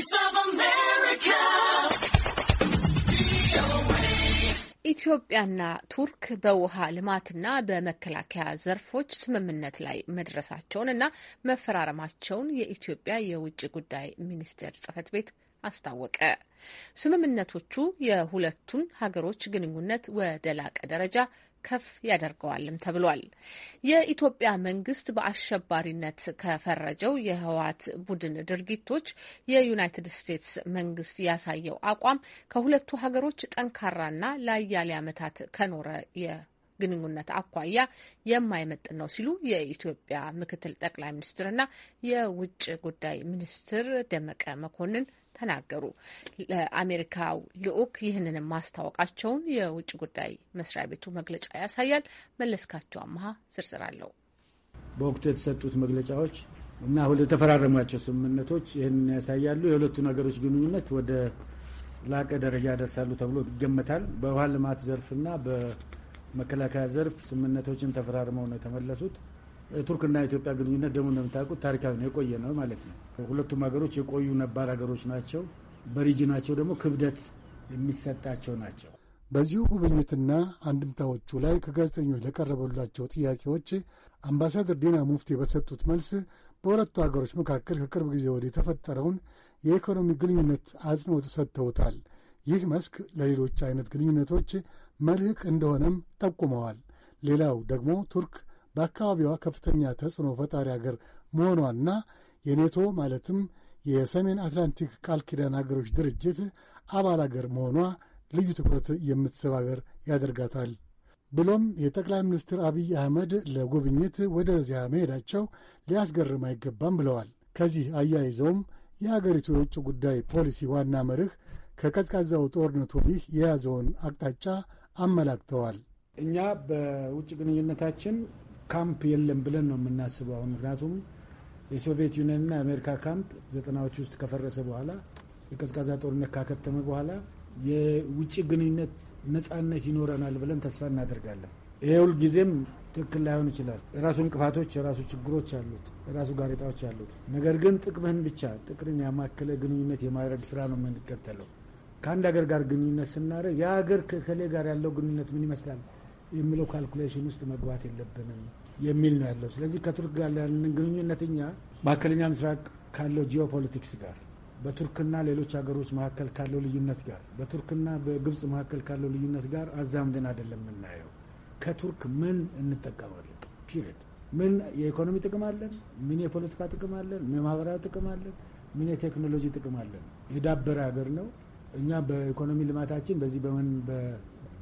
Voice of America. ኢትዮጵያና ቱርክ በውሃ ልማትና በመከላከያ ዘርፎች ስምምነት ላይ መድረሳቸውን እና መፈራረማቸውን የኢትዮጵያ የውጭ ጉዳይ ሚኒስቴር ጽህፈት ቤት አስታወቀ። ስምምነቶቹ የሁለቱን ሀገሮች ግንኙነት ወደ ላቀ ደረጃ ከፍ ያደርገዋልም ተብሏል። የኢትዮጵያ መንግስት በአሸባሪነት ከፈረጀው የህወሓት ቡድን ድርጊቶች የዩናይትድ ስቴትስ መንግስት ያሳየው አቋም ከሁለቱ ሀገሮች ጠንካራና ለአያሌ ዓመታት ከኖረ የግንኙነት አኳያ የማይመጥን ነው ሲሉ የኢትዮጵያ ምክትል ጠቅላይ ሚኒስትርና የውጭ ጉዳይ ሚኒስትር ደመቀ መኮንን ተናገሩ። ለአሜሪካው ልዑክ ይህንንም ማስታወቃቸውን የውጭ ጉዳይ መስሪያ ቤቱ መግለጫ ያሳያል። መለስካቸው አመሀ ዝርዝር አለው። በወቅቱ የተሰጡት መግለጫዎች እና ሁለት የተፈራረሟቸው ስምምነቶች ይህንን ያሳያሉ። የሁለቱን ሀገሮች ግንኙነት ወደ ላቀ ደረጃ ደርሳሉ ተብሎ ይገመታል። በውሃ ልማት ዘርፍና በመከላከያ ዘርፍ ስምምነቶችን ተፈራርመው ነው የተመለሱት። ቱርክና ኢትዮጵያ ግንኙነት ደግሞ እንደምታውቁት ታሪካዊ ነው፣ የቆየ ነው ማለት ነው። ሁለቱም ሀገሮች የቆዩ ነባር ሀገሮች ናቸው። በሪጅናቸው ደግሞ ክብደት የሚሰጣቸው ናቸው። በዚሁ ጉብኝትና አንድምታዎቹ ላይ ከጋዜጠኞች ለቀረበላቸው ጥያቄዎች አምባሳደር ዲና ሙፍቲ በሰጡት መልስ በሁለቱ ሀገሮች መካከል ከቅርብ ጊዜ ወዲህ የተፈጠረውን የኢኮኖሚ ግንኙነት አጽንኦት ሰጥተውታል። ይህ መስክ ለሌሎች አይነት ግንኙነቶች መልህቅ እንደሆነም ጠቁመዋል። ሌላው ደግሞ ቱርክ በአካባቢዋ ከፍተኛ ተጽዕኖ ፈጣሪ አገር መሆኗና የኔቶ ማለትም የሰሜን አትላንቲክ ቃል ኪዳን አገሮች ድርጅት አባል አገር መሆኗ ልዩ ትኩረት የምትስብ አገር ያደርጋታል። ብሎም የጠቅላይ ሚኒስትር አብይ አህመድ ለጉብኝት ወደዚያ መሄዳቸው ሊያስገርም አይገባም ብለዋል። ከዚህ አያይዘውም የአገሪቱ የውጭ ጉዳይ ፖሊሲ ዋና መርህ ከቀዝቃዛው ጦርነት ወዲህ የያዘውን አቅጣጫ አመላክተዋል። እኛ በውጭ ግንኙነታችን ካምፕ የለም ብለን ነው የምናስበው አሁን። ምክንያቱም የሶቪየት ዩኒየንና የአሜሪካ ካምፕ ዘጠናዎች ውስጥ ከፈረሰ በኋላ የቀዝቃዛ ጦርነት ካከተመ በኋላ የውጭ ግንኙነት ነጻነት ይኖረናል ብለን ተስፋ እናደርጋለን። ይሄ ሁልጊዜም ትክክል ላይሆን ይችላል። የራሱ እንቅፋቶች፣ የራሱ ችግሮች አሉት፣ የራሱ ጋሬጣዎች አሉት። ነገር ግን ጥቅምህን ብቻ ጥቅርን ያማከለ ግንኙነት የማድረግ ስራ ነው የምንከተለው። ከአንድ ሀገር ጋር ግንኙነት ስናደርግ የሀገር ከሌ ጋር ያለው ግንኙነት ምን ይመስላል የሚለው ካልኩሌሽን ውስጥ መግባት የለብንም የሚል ነው ያለው። ስለዚህ ከቱርክ ጋር ያለንን ግንኙነት እኛ መካከለኛ ምስራቅ ካለው ጂኦፖለቲክስ ጋር በቱርክና ሌሎች ሀገሮች መካከል ካለው ልዩነት ጋር በቱርክና በግብፅ መካከል ካለው ልዩነት ጋር አዛምደን አይደለም የምናየው። ከቱርክ ምን እንጠቀማለን? ፒሪድ። ምን የኢኮኖሚ ጥቅም አለን? ምን የፖለቲካ ጥቅም አለን? ምን የማህበራዊ ጥቅም አለን? ምን የቴክኖሎጂ ጥቅም አለን? የዳበረ ሀገር ነው። እኛ በኢኮኖሚ ልማታችን በዚህ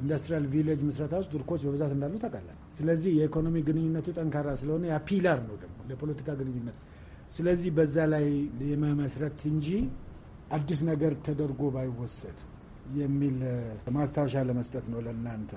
ኢንዱስትሪያል ቪሌጅ ምስረታ ውስጥ ቱርኮች በብዛት እንዳሉ ታውቃለህ። ስለዚህ የኢኮኖሚ ግንኙነቱ ጠንካራ ስለሆነ ያ ፒላር ነው ደግሞ ለፖለቲካ ግንኙነት። ስለዚህ በዛ ላይ የመመስረት እንጂ አዲስ ነገር ተደርጎ ባይወሰድ የሚል ማስታወሻ ለመስጠት ነው ለእናንተ።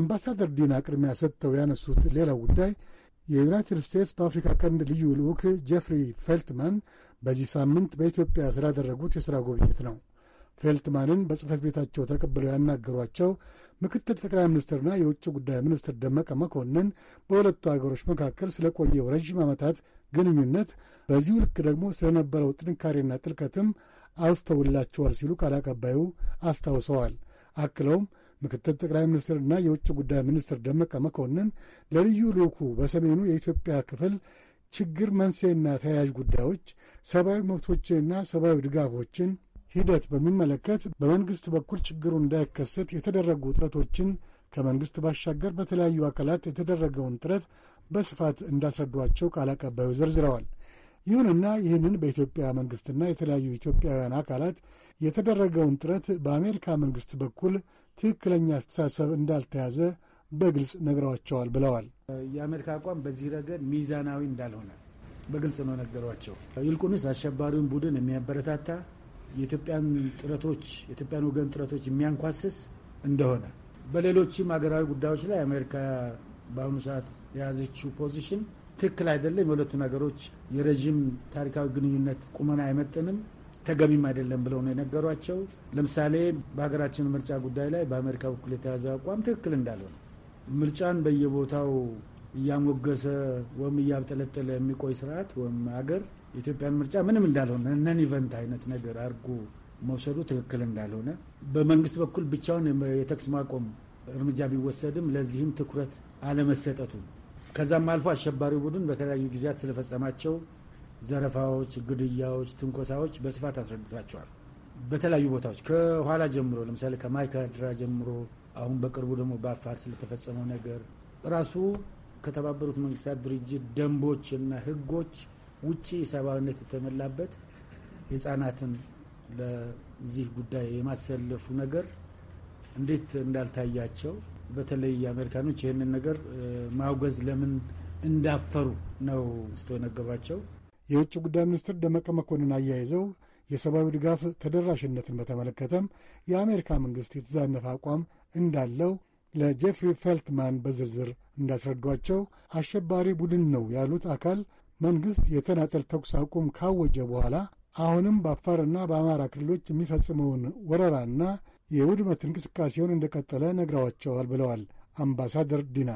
አምባሳደር ዲና ቅድሚያ ሰጥተው ያነሱት ሌላው ጉዳይ የዩናይትድ ስቴትስ በአፍሪካ ቀንድ ልዩ ልዑክ ጄፍሪ ፌልትማን በዚህ ሳምንት በኢትዮጵያ ስላደረጉት የሥራ ጉብኝት ነው። ፌልትማንን በጽህፈት ቤታቸው ተቀብለው ያናገሯቸው ምክትል ጠቅላይ ሚኒስትርና የውጭ ጉዳይ ሚኒስትር ደመቀ መኮንን በሁለቱ አገሮች መካከል ስለቆየው ረዥም ዓመታት ግንኙነት፣ በዚሁ ልክ ደግሞ ስለነበረው ጥንካሬና ጥልቀትም አውስተውላቸዋል ሲሉ ቃል አቀባዩ አስታውሰዋል። አክለውም ምክትል ጠቅላይ ሚኒስትርና የውጭ ጉዳይ ሚኒስትር ደመቀ መኮንን ለልዩ ልኩ በሰሜኑ የኢትዮጵያ ክፍል ችግር መንስኤና ተያያዥ ጉዳዮች፣ ሰብአዊ መብቶችንና ሰብአዊ ድጋፎችን ሂደት በሚመለከት በመንግሥት በኩል ችግሩ እንዳይከሰት የተደረጉ ጥረቶችን ከመንግሥት ባሻገር በተለያዩ አካላት የተደረገውን ጥረት በስፋት እንዳስረዷቸው ቃል አቀባዩ ዘርዝረዋል። ይሁንና ይህንን በኢትዮጵያ መንግሥትና የተለያዩ ኢትዮጵያውያን አካላት የተደረገውን ጥረት በአሜሪካ መንግሥት በኩል ትክክለኛ አስተሳሰብ እንዳልተያዘ በግልጽ ነግረዋቸዋል ብለዋል። የአሜሪካ አቋም በዚህ ረገድ ሚዛናዊ እንዳልሆነ በግልጽ ነው ነገሯቸው። ይልቁንስ አሸባሪውን ቡድን የሚያበረታታ የኢትዮጵያን ጥረቶች የኢትዮጵያን ወገን ጥረቶች የሚያንኳስስ እንደሆነ በሌሎችም ሀገራዊ ጉዳዮች ላይ አሜሪካ በአሁኑ ሰዓት የያዘችው ፖዚሽን ትክክል አይደለም። የሁለቱ ነገሮች የረዥም ታሪካዊ ግንኙነት ቁመና አይመጥንም፣ ተገቢም አይደለም ብለው ነው የነገሯቸው። ለምሳሌ በሀገራችን ምርጫ ጉዳይ ላይ በአሜሪካ በኩል የተያዘው አቋም ትክክል እንዳልሆነ ምርጫን በየቦታው እያሞገሰ ወይም እያብጠለጠለ የሚቆይ ስርዓት ወይም ሀገር የኢትዮጵያን ምርጫ ምንም እንዳልሆነ ነን ኢቨንት አይነት ነገር አድርጎ መውሰዱ ትክክል እንዳልሆነ በመንግስት በኩል ብቻውን የተኩስ ማቆም እርምጃ ቢወሰድም ለዚህም ትኩረት አለመሰጠቱ ከዛም አልፎ አሸባሪ ቡድን በተለያዩ ጊዜያት ስለፈጸማቸው ዘረፋዎች፣ ግድያዎች፣ ትንኮሳዎች በስፋት አስረድቷቸዋል። በተለያዩ ቦታዎች ከኋላ ጀምሮ ለምሳሌ ከማይካድራ ጀምሮ አሁን በቅርቡ ደግሞ በአፋር ስለተፈጸመው ነገር ራሱ ከተባበሩት መንግስታት ድርጅት ደንቦች እና ህጎች ውጪ ሰብአዊነት የተመላበት ህጻናትን ለዚህ ጉዳይ የማሰለፉ ነገር እንዴት እንዳልታያቸው በተለይ አሜሪካኖች ይህንን ነገር ማውገዝ ለምን እንዳፈሩ ነው ስቶ የነገሯቸው። የውጭ ጉዳይ ሚኒስትር ደመቀ መኮንን አያይዘው የሰብአዊ ድጋፍ ተደራሽነትን በተመለከተም የአሜሪካ መንግስት የተዛነፈ አቋም እንዳለው ለጄፍሪ ፌልትማን በዝርዝር እንዳስረዷቸው አሸባሪ ቡድን ነው ያሉት አካል መንግሥት የተናጠል ተኩስ አቁም ካወጀ በኋላ አሁንም በአፋርና በአማራ ክልሎች የሚፈጽመውን ወረራና የውድመት እንቅስቃሴውን እንደቀጠለ ነግረዋቸዋል ብለዋል አምባሳደር ዲና።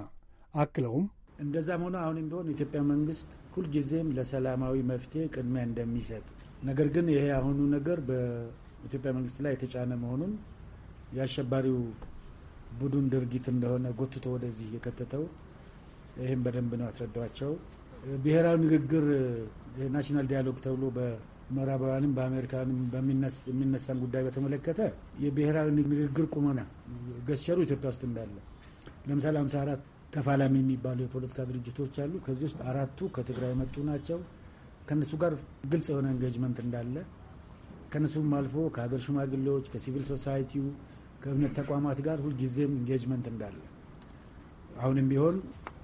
አክለውም እንደዛም ሆኖ አሁንም ቢሆን የኢትዮጵያ መንግስት ሁልጊዜም ለሰላማዊ መፍትሄ ቅድሚያ እንደሚሰጥ ነገር ግን ይሄ አሁኑ ነገር በኢትዮጵያ መንግስት ላይ የተጫነ መሆኑን የአሸባሪው ቡድን ድርጊት እንደሆነ ጎትቶ ወደዚህ የከተተው ይህም በደንብ ነው ያስረዳቸው። ብሔራዊ ንግግር ናሽናል ዲያሎግ ተብሎ በምዕራባውያንም በአሜሪካንም የሚነሳን ጉዳይ በተመለከተ የብሔራዊ ንግግር ቁመና ገስቸሩ ኢትዮጵያ ውስጥ እንዳለ ለምሳሌ አምሳ አራት ተፋላሚ የሚባሉ የፖለቲካ ድርጅቶች አሉ። ከዚህ ውስጥ አራቱ ከትግራይ የመጡ ናቸው። ከነሱ ጋር ግልጽ የሆነ ኤንጌጅመንት እንዳለ ከነሱም አልፎ ከሀገር ሽማግሌዎች፣ ከሲቪል ሶሳይቲው፣ ከእምነት ተቋማት ጋር ሁልጊዜም ኤንጌጅመንት እንዳለ አሁንም ቢሆን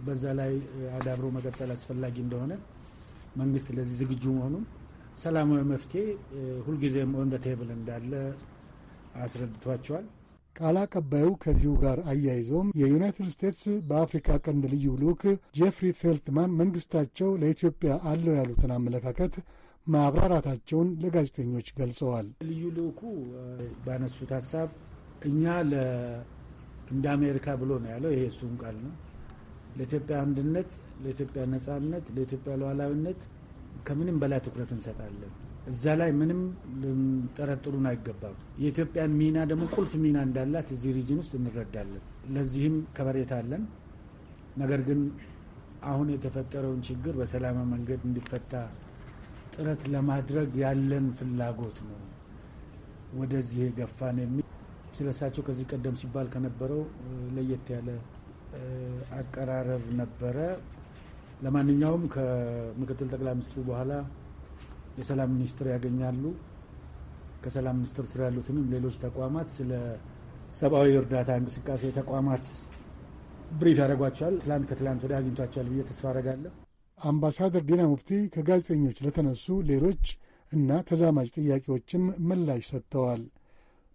በዛ ላይ አዳብሮ መቀጠል አስፈላጊ እንደሆነ መንግስት ለዚህ ዝግጁ መሆኑን ሰላማዊ መፍትሄ ሁልጊዜም ኦን ቴብል እንዳለ አስረድቷቸዋል። ቃል አቀባዩ ከዚሁ ጋር አያይዘውም የዩናይትድ ስቴትስ በአፍሪካ ቀንድ ልዩ ልዑክ ጄፍሪ ፌልትማን መንግስታቸው ለኢትዮጵያ አለው ያሉትን አመለካከት ማብራራታቸውን ለጋዜጠኞች ገልጸዋል። ልዩ ልዑኩ ባነሱት ሀሳብ እኛ እንደ አሜሪካ ብሎ ነው ያለው። ይሄ እሱም ቃል ነው። ለኢትዮጵያ አንድነት፣ ለኢትዮጵያ ነጻነት፣ ለኢትዮጵያ ሉዓላዊነት ከምንም በላይ ትኩረት እንሰጣለን። እዛ ላይ ምንም ልንጠረጥሩን አይገባም። የኢትዮጵያን ሚና ደግሞ ቁልፍ ሚና እንዳላት እዚህ ሪጅን ውስጥ እንረዳለን። ለዚህም ከበሬታ አለን። ነገር ግን አሁን የተፈጠረውን ችግር በሰላማዊ መንገድ እንዲፈታ ጥረት ለማድረግ ያለን ፍላጎት ነው ወደዚህ የገፋን የሚል ስለሳቸው ከዚህ ቀደም ሲባል ከነበረው ለየት ያለ አቀራረብ ነበረ። ለማንኛውም ከምክትል ጠቅላይ ሚኒስትሩ በኋላ የሰላም ሚኒስትር ያገኛሉ። ከሰላም ሚኒስትር ስር ያሉትንም ሌሎች ተቋማት ስለ ሰብአዊ እርዳታ እንቅስቃሴ ተቋማት ብሪፍ ያደርጓቸዋል። ትላንት ከትላንት ወዲያ አግኝቷቸዋል ብዬ ተስፋ አደርጋለሁ። አምባሳደር ዲና ሙፍቲ ከጋዜጠኞች ለተነሱ ሌሎች እና ተዛማጅ ጥያቄዎችም ምላሽ ሰጥተዋል።